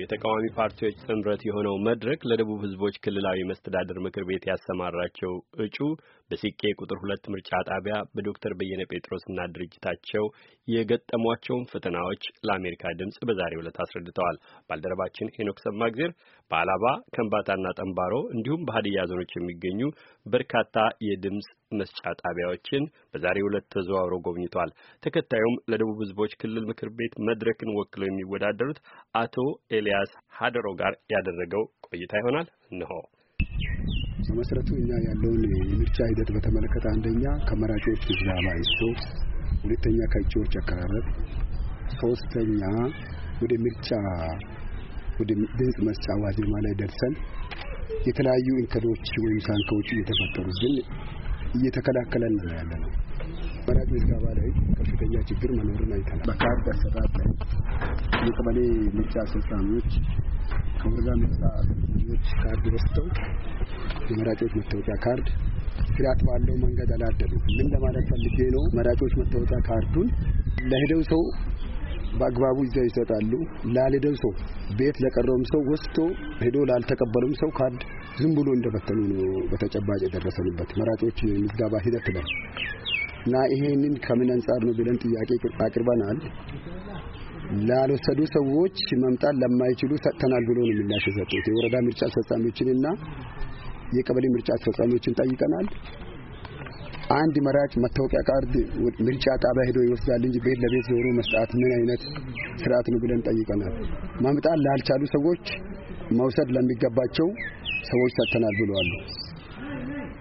የተቃዋሚ ፓርቲዎች ጥምረት የሆነው መድረክ ለደቡብ ህዝቦች ክልላዊ መስተዳድር ምክር ቤት ያሰማራቸው እጩ በሲቄ ቁጥር ሁለት ምርጫ ጣቢያ በዶክተር በየነ ጴጥሮስና ድርጅታቸው የገጠሟቸውን ፈተናዎች ለአሜሪካ ድምፅ በዛሬው ዕለት አስረድተዋል። ባልደረባችን ሄኖክ ሰማግዜር በአላባ፣ ከንባታና ጠንባሮ እንዲሁም በሀዲያ ዞኖች የሚገኙ በርካታ የድምፅ መስጫ ጣቢያዎችን በዛሬው ዕለት ተዘዋውሮ ጎብኝቷል። ተከታዩም ለደቡብ ህዝቦች ክልል ምክር ቤት መድረክን ወክለው የሚወዳደሩት አቶ ኤልያስ ሀደሮ ጋር ያደረገው ቆይታ ይሆናል። እንሆ በመሰረቱ እኛ ያለውን የምርጫ ሂደት በተመለከተ አንደኛ ከመራጮች ምዝገባ አንስቶ፣ ሁለተኛ ከእጩዎች አቀራረብ፣ ሶስተኛ ወደ ምርጫ ወደ ድምፅ መስጫ ዋዜማ ላይ ደርሰን የተለያዩ እንከዶች ወይም ሳንካዎች ግን እየተከላከለን ነው ያለ ነው። መራጭ ምዝገባ ላይ ከፍተኛ ችግር መኖሩን አይተናል። በካርድ አሰራር ላይ የቀበሌ ምርጫ አስፈጻሚዎች ከወረዳ ምርጫ አስፈጻሚዎች ካርድ ወስደው የመራጮች መታወቂያ ካርድ ስርዓት ባለው መንገድ አላደሉ። ምን ለማለት ፈልጌ ነው? መራጮች መታወቂያ ካርዱን ለሄደው ሰው በአግባቡ ይዘው ይሰጣሉ። ላልሄደው ሰው ቤት ለቀረውም ሰው ወስቶ ሄዶ ላልተቀበሉም ሰው ካድ ዝም ብሎ እንደበተኑ ነው በተጨባጭ የደረሰንበት መራጮች ምዝገባ ሂደት ነው እና ይሄንን ከምን አንጻር ነው ብለን ጥያቄ አቅርበናል። ላልወሰዱ ሰዎች መምጣት ለማይችሉ ሰጥተናል ብሎ ነው ምላሽ የሰጡት። የወረዳ ምርጫ አስፈጻሚዎችንና የቀበሌ ምርጫ አስፈጻሚዎችን ጠይቀናል። አንድ መራጭ መታወቂያ ካርድ ምርጫ ጣቢያ ሄዶ ይወስዳል እንጂ ቤት ለቤት ዞሮ መስጣት ምን አይነት ስርዓት ነው ብለን ጠይቀናል። ማምጣት ላልቻሉ ሰዎች መውሰድ ለሚገባቸው ሰዎች ሰጥተናል ብለዋል።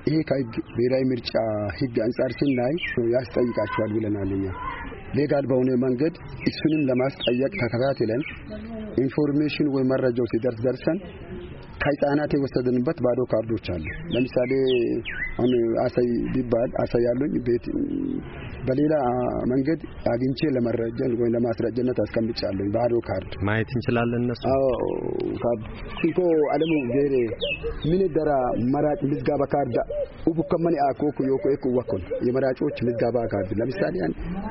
ይሄ ከህግ ብሔራዊ ምርጫ ህግ አንጻር ስናይ ያስጠይቃቸዋል ብለናል እኛ ሌጋል በሆነ መንገድ እሱንም ለማስጠየቅ ተከታትለን ኢንፎርሜሽን ወይ መረጃው ሲደርስ ደርሰን ከህጻናት የወሰድንበት ባዶ ካርዶች አሉ። ለምሳሌ አሁን አሳይ ቢባል አሳይ ያሉኝ ቤት በሌላ መንገድ አግኝቼ ለመረጃ ወይ ለማስረጃነት አስቀምጫለሁ። ባዶ ካርድ ማየት እንችላለን። እነሱ አዎ ካብ አለሙ ዜሬ ምን ደራ መራጭ ምዝጋባ ካርድ ኡቡከመን አኮኩ ዮኮ ኤኩ ወኮን የመራጮች ምዝጋባ ካርድ ለምሳሌ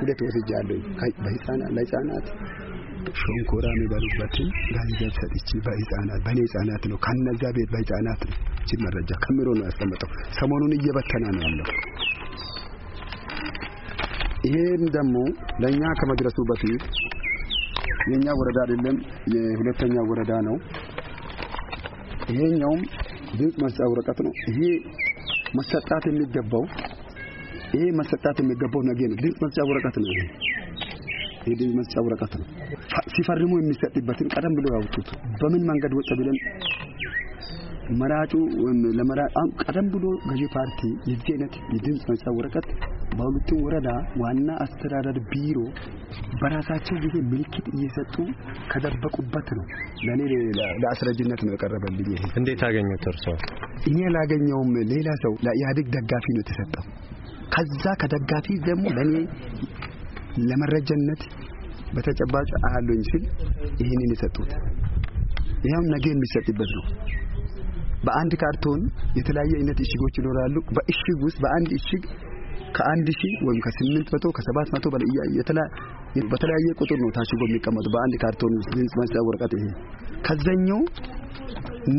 ሁለት ወስጃለሁ በህጻናት ለህጻናት ሸንኮራ የሚበሉበትን ገንዘብ ሰጥቼ በህጻናት በእኔ ህጻናት ነው ከነዛ ቤት በህጻናት ነው መረጃ ከምሮ ነው ያስቀመጠው። ሰሞኑን እየበተና ነው ያለው። ይሄም ደግሞ ለእኛ ከመድረሱ በፊት የኛ ወረዳ አይደለም፣ የሁለተኛ ወረዳ ነው። ይሄኛውም ድምፅ መስጫ ወረቀት ነው። ይሄ መሰጣት የሚገባው ይሄ መሰጣት የሚገባው ነገ ነው። ድምፅ መስጫ ወረቀት ነው። ሄደው የመስጫው ወረቀት ነው ሲፈርሙ የሚሰጥበትን ቀደም ብሎ ያወጡት በምን መንገድ ወጥ ብለን መራጩ ለመራጫም ቀደም ብሎ ገዢ ፓርቲ የዚህ አይነት የድምፅ መስጫ ወረቀት በሁለቱም ወረዳ ዋና አስተዳደር ቢሮ በራሳቸው ጊዜ ምልክት እየሰጡ ከደበቁበት ነው። ለእኔ ለአስረጅነት ነው የቀረበልኝ። ይሄ እንዴት አገኙት እርሶ? እኔ አላገኘውም። ሌላ ሰው ለኢህአዴግ ደጋፊ ነው የተሰጠው። ከዛ ከደጋፊ ደግሞ ለእኔ ለመረጃነት በተጨባጭ አያለኝ ሲል ይህንን የሰጡት ይሄም ነገ የሚሰጥበት ነው። በአንድ ካርቶን የተለያየ አይነት እሽጎች ይኖራሉ። በእሽግ ውስጥ በአንድ እሽግ ከአንድ ሺህ ወይም ከስምንት መቶ ከሰባት መቶ በላይ በተለያየ ቁጥር ነው ታሽጎ የሚቀመጡ በአንድ ካርቶን ውስጥ ድምጽ መስጫ ወረቀት። ይሄ ከዛኛው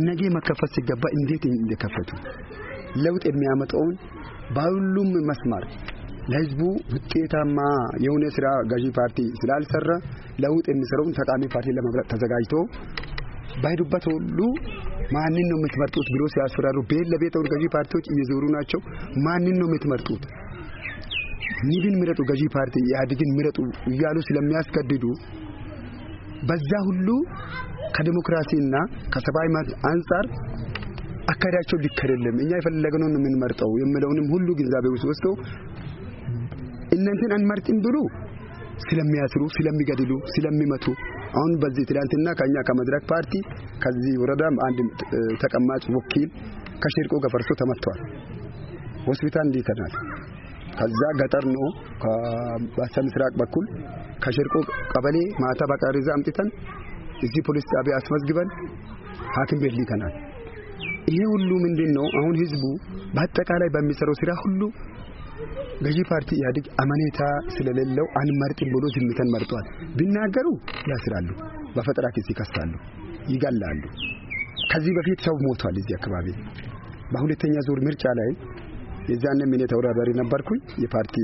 ነገ መከፈት ሲገባ እንዴት እንደከፈቱ ለውጥ የሚያመጣውን በሁሉም መስማር ለህዝቡ ውጤታማ የሆነ ስራ ገዢ ፓርቲ ስላልሰራ ለውጥ የሚሰራውን ተቃሚ ፓርቲ ለመምረጥ ተዘጋጅቶ ባይዱበት ሁሉ ማንን ነው የምትመርጡት ብሎ ሲያስፈራሩ ቤት ለቤት ገዢ ፓርቲዎች እየዞሩ ናቸው። ማንን ነው የምትመርጡት? ንብን ምረጡ፣ ገዢ ፓርቲ ኢህአዴግን ምረጡ እያሉ ስለሚያስገድዱ በዛ ሁሉ ከዲሞክራሲና ከሰብአዊ መብት አንጻር አካሄዳቸው ሊከለልም እኛ የፈለግነውን የምንመርጠው የምለውንም ሁሉ ግንዛቤ ውስጥ ወስዶ እነንትን አንመርጥም ብሉ ስለሚያስሩ፣ ስለሚገድሉ፣ ስለሚመቱ አሁን በዚህ ትላንትና ከኛ ከመድረክ ፓርቲ ከዚህ ወረዳም አንድ ተቀማጭ ወኪል ከሽርቆ ገፈርሶ ተመቷል። ሆስፒታል እንዲተናል። ከዛ ገጠር ነው ከበስተ ምስራቅ በኩል ከሽርቆ ቀበሌ ማታ በቃሪዛ አምጥተን እዚህ ፖሊስ ጣቢያ አስመዝግበን ሐኪም ቤት ሊተናል። ይሄ ሁሉ ምንድን ነው? አሁን ህዝቡ በአጠቃላይ በሚሰራው ስራ ሁሉ ገዢ ፓርቲ ኢህአዴግ አመኔታ ስለሌለው አንመርጥም ብሎ ዝምተን መርጧል። ቢናገሩ ያስራሉ፣ በፈጠራ ኬስ ይከሳሉ፣ ይገላሉ። ከዚህ በፊት ሰው ሞቷል እዚህ አካባቢ። በሁለተኛ ዙር ምርጫ ላይ የዛንም እኔ ተወዳዳሪ ነበርኩኝ የፓርቲ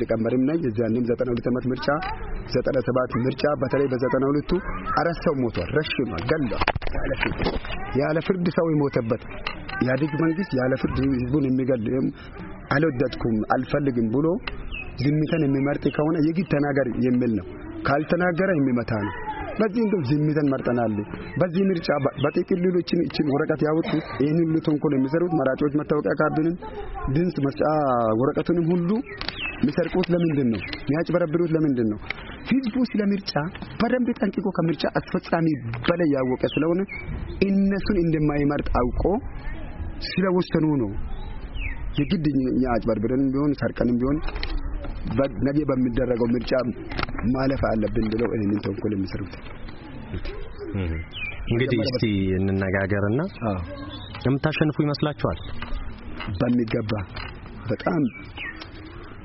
ሊቀመንበርም ነኝ። የዛንም 92 ዓመት ምርጫ 97 ምርጫ በተለይ በ 92 አራት ሰው ሞቷል፣ ረሽኗል፣ ገሏል። ያለ ፍርድ ሰው የሞተበት ኢህአዴግ መንግስት ያለ ፍርድ ህዝቡን የሚገል አልወደድኩም፣ አልፈልግም ብሎ ዝምተን የሚመርጥ ከሆነ የግድ ተናገር የሚል ነው። ካልተናገረ የሚመታ ነው። በዚህ እንግዲህ ዝምተን መርጠናል። በዚህ ምርጫ በጥቅልሎችን እቺን ወረቀት ያወጡት ይህን ሁሉ ተንኮል የሚሰሩት መራጮች መታወቂያ ካርድንም ድምፅ መስጫ ወረቀቱንም ሁሉ የሚሰርቁት ለምንድን ነው? የሚያጭበረብሩት ለምንድን ነው? ህዝቡ ስለ ምርጫ በደንብ ጠንቅቆ ከምርጫ አስፈጻሚ በላይ ያወቀ ስለሆነ እነሱን እንደማይመርጥ አውቆ ስለወሰኑ ነው የግድ አጭበርብረን ቢሆን ሰርቀንም ቢሆን ነገ በሚደረገው ምርጫ ማለፍ አለብን ብለው ይህንን ተንኮል የሚሰሩት እንግዲህ እስቲ እንነጋገርና የምታሸንፉ ይመስላችኋል? በሚገባ በጣም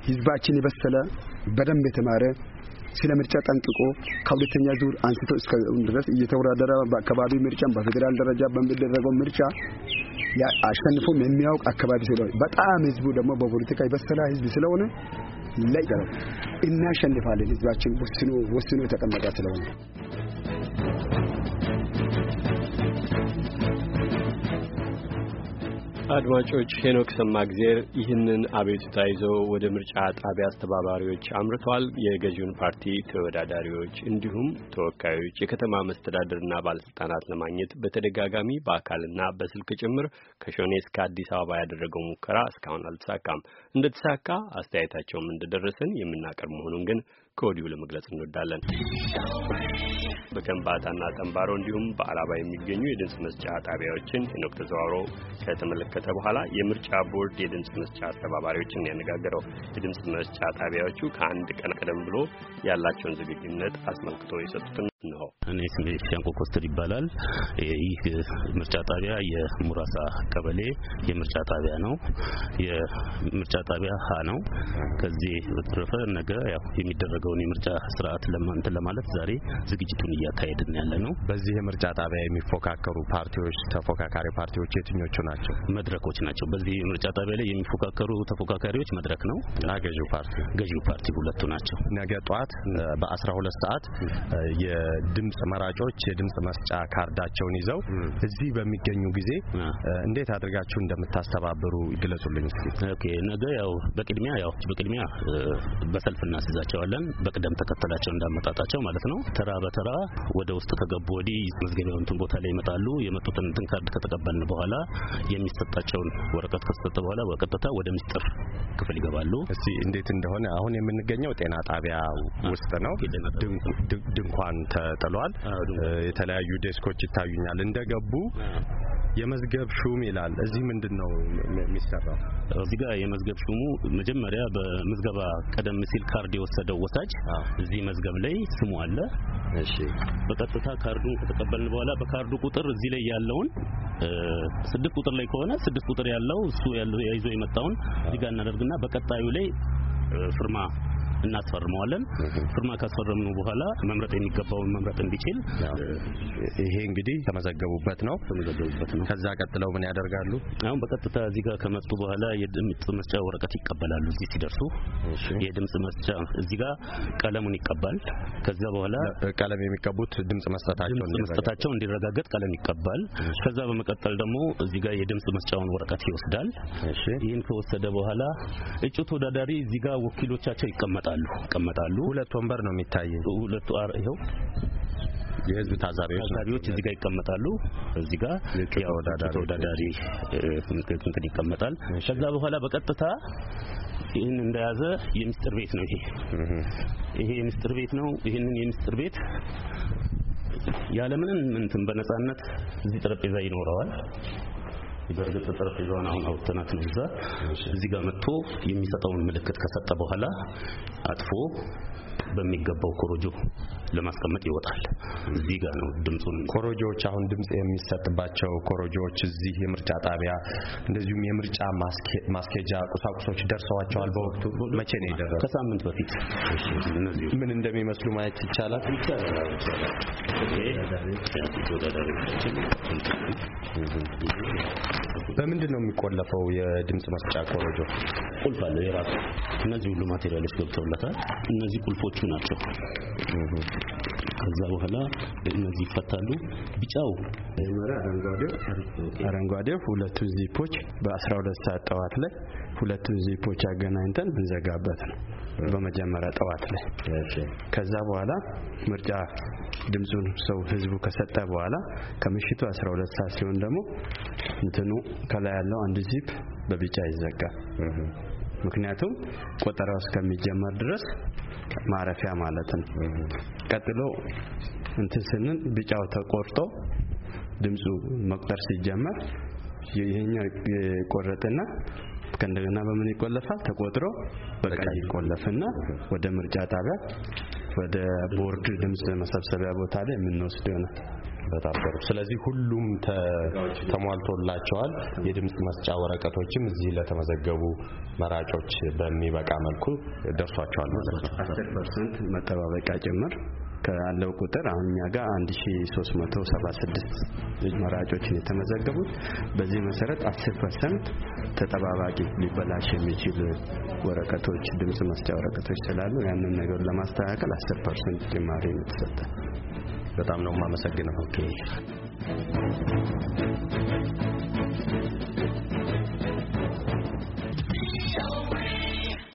ህዝባችን የበሰለ በደንብ የተማረ ስለ ምርጫ ጠንቅቆ ከሁለተኛ ዙር አንስቶ እስከ ድረስ እየተወዳደረ በአካባቢ ምርጫ፣ በፌዴራል ደረጃ በሚደረገው ምርጫ አሸንፎም የሚያውቅ አካባቢ ስለሆነ በጣም ህዝቡ ደግሞ በፖለቲካ የበሰለ ህዝብ ስለሆነ ላይ እናሸንፋለን። ህዝባችን ወስኖ ወስኖ የተቀመጠ ስለሆነ አድማጮች ሄኖክ ጊዜር ይህንን አቤቱታ ይዞ ወደ ምርጫ ጣቢያ አስተባባሪዎች አምርቷል። የገዢውን ፓርቲ ተወዳዳሪዎች እንዲሁም ተወካዮች፣ የከተማ መስተዳደርና ባለስልጣናት ለማግኘት በተደጋጋሚ በአካልና በስልክ ጭምር ከሾኔ እስከ አዲስ አበባ ያደረገው ሙከራ እስካሁን አልተሳካም። እንደተሳካ አስተያየታቸውም እንደደረሰን የምናቀርብ መሆኑን ግን ከወዲሁ ለመግለጽ እንወዳለን። በከንባታና ጠንባሮ እንዲሁም በአላባ የሚገኙ የድምፅ መስጫ ጣቢያዎችን ሄኖክ ተዘዋውሮ ከተመለከተ በኋላ የምርጫ ቦርድ የድምፅ መስጫ አስተባባሪዎችን ያነጋገረው የድምፅ መስጫ ጣቢያዎቹ ከአንድ ቀን ቀደም ብሎ ያላቸውን ዝግጁነት አስመልክቶ የሰጡትን ነው። እኔ ስሜ ሻንቆ ኮስተር ይባላል። ይህ ምርጫ ጣቢያ የሙራሳ ቀበሌ የምርጫ ጣቢያ ነው። የምርጫ ጣቢያ ሀ ነው። ከዚህ በተረፈ ነገ ያው የሚደረገውን የምርጫ ስርዓት ለማንተ ለማለት ዛሬ ዝግጅቱን እያካሄድን ያለ ነው። በዚህ የምርጫ ጣቢያ የሚፎካከሩ ፓርቲዎች ተፎካካሪ ፓርቲዎች የትኞቹ ናቸው? መድረኮች ናቸው። በዚህ የምርጫ ጣቢያ ላይ የሚፎካከሩ ተፎካካሪዎች መድረክ ነው እና ገዢው ፓርቲ ገዢው ፓርቲ ሁለቱ ናቸው። ነገ ጧት በ12 ሰዓት ድምጽ መራጮች የድምጽ መስጫ ካርዳቸውን ይዘው እዚህ በሚገኙ ጊዜ እንዴት አድርጋችሁ እንደምታስተባብሩ ይግለጹልኝ። ኦኬ፣ ነገ ያው በቅድሚያ ያው በቅድሚያ በሰልፍ እናስይዛቸዋለን በቅደም ተከተላቸው እንዳመጣጣቸው ማለት ነው። ተራ በተራ ወደ ውስጥ ከገቡ ወዲህ መዝገቢያውን እንትን ቦታ ላይ ይመጣሉ። የመጡትን እንትን ካርድ ከተቀበልን በኋላ የሚሰጣቸውን ወረቀት ከተሰጠ በኋላ በቀጥታ ወደ ምስጢር ክፍል ይገባሉ። እስቲ እንዴት እንደሆነ አሁን የምንገኘው ጤና ጣቢያ ውስጥ ነው። ድንኳን ተጥሏል። የተለያዩ ዴስኮች ይታዩኛል። እንደገቡ የመዝገብ ሹም ይላል። እዚህ ምንድን ነው የሚሰራው? እዚህ ጋር የመዝገብ ሹሙ መጀመሪያ በምዝገባ ቀደም ሲል ካርድ የወሰደው ወሳጅ እዚህ መዝገብ ላይ ስሙ አለ። እሺ፣ በቀጥታ ካርዱን ከተቀበልን በኋላ በካርዱ ቁጥር እዚህ ላይ ያለውን ስድስት ቁጥር ላይ ከሆነ ስድስት ቁጥር ያለው እሱ ያይዞ የመጣውን እዚህ ጋር እናደርግና በቀጣዩ ላይ ፍርማ እናስፈርመዋለን። ፍርማ ካስፈረምነው በኋላ መምረጥ የሚገባውን መምረጥ እንዲችል ይሄ እንግዲህ ተመዘገቡበት ነው ተመዘገቡበት ነው። ከዛ ቀጥለው ምን ያደርጋሉ? አሁን በቀጥታ እዚህ ጋር ከመጡ በኋላ የድምጽ መስጫ ወረቀት ይቀበላሉ። እዚህ ሲደርሱ የድምጽ መስጫ እዚህ ጋር ቀለሙን ይቀባል። ከዛ በኋላ ቀለም የሚቀቡት ድምጽ መስጠታቸው እንዲረጋገጥ ቀለም ይቀባል። ከዛ በመቀጠል ደግሞ እዚህ ጋር የድምጽ መስጫውን ወረቀት ይወስዳል። ይህን ከወሰደ በኋላ እጩ ተወዳዳሪ እዚህ ጋር ወኪሎቻቸው ይቀመጣል ይመጣሉ ይቀመጣሉ። ሁለት ወንበር ነው የሚታየኝ። ሁለቱ ይኸው የህዝብ ታዛቢዎች ታዛቢዎች እዚህ ጋር ይቀመጣሉ። እዚህ ጋር ተወዳዳሪ እንትን ይቀመጣል። ከዛ በኋላ በቀጥታ ይህን እንደያዘ የምስጢር ቤት ነው ይሄ ይሄ የሚስጥር ቤት ነው። ይህንን የምስጢር ቤት ያለምንም እንትን በነጻነት እዚህ ጠረጴዛ ይኖረዋል። በእርግጥ ጠረጴዛውን አሁን አውጥተናት ነው እዛ እዚህ ጋር መጥቶ የሚሰጠውን ምልክት ከሰጠ በኋላ አጥፎ በሚገባው ኮሮጆ ለማስቀመጥ ይወጣል። እዚህ ጋር ነው ድምጹን ኮሮጆዎች አሁን ድምጽ የሚሰጥባቸው ኮሮጆዎች እዚህ የምርጫ ጣቢያ እንደዚሁም የምርጫ ማስኬጃ ቁሳቁሶች ደርሰዋቸዋል። በወቅቱ መቼ ነው የደረሰው? ከሳምንት በፊት ምን እንደሚመስሉ ማየት ይቻላል። ይሄ በምንድን ነው የሚቆለፈው? የድምጽ መስጫ ኮረጆ ቁልፍ አለው የራሱ። እነዚህ ሁሉ ማቴሪያሎች ገብተውለታል። እነዚህ ቁልፎቹ ናቸው። ከዛ በኋላ እነዚህ ይፈታሉ። ቢጫው አረንጓዴው ሁለቱ ዚፖች በ12 ሰዓት ጠዋት ላይ ሁለቱ ዚፖች አገናኝተን ብንዘጋበት ነው። በመጀመሪያ ጠዋት ላይ ከዛ በኋላ ምርጫ ድምፁን ሰው ህዝቡ ከሰጠ በኋላ ከምሽቱ 12 ሰዓት ሲሆን ደግሞ እንትኑ ከላይ ያለው አንድ ዚፕ በቢጫ ይዘጋል። ምክንያቱም ቆጠራው እስከሚጀመር ድረስ ማረፊያ ማለት ነው። ቀጥሎ እንትን ስንል ቢጫው ተቆርጦ ድምፁ መቁጠር ሲጀመር ይሄኛው ቆረጥና ከእንደገና በምን ይቆለፋል? ተቆጥሮ በቀይ ይቆለፍና ወደ ምርጫ ጣቢያ ወደ ቦርድ ድምጽ መሰብሰቢያ ቦታ ላይ የምንወስድ ይሆናል። በጣም ጥሩ። ስለዚህ ሁሉም ተሟልቶላቸዋል። የድምጽ መስጫ ወረቀቶችም እዚህ ለተመዘገቡ መራጮች በሚበቃ መልኩ ደርሷቸዋል ማለት ነው። 10% መጠባበቂያ ጭምር ካለው ቁጥር አሁን እኛ ጋር 1376 መራጮችን የተመዘገቡት በዚህ መሰረት 10% ተጠባባቂ ሊበላሽ የሚችል ወረቀቶች፣ ድምጽ መስጫ ወረቀቶች ስላሉ ያንን ነገር ለማስተካከል አስር ፐርሰንት ጭማሪ ነው የተሰጠ። በጣም ነው የማመሰግነው። ኦኬ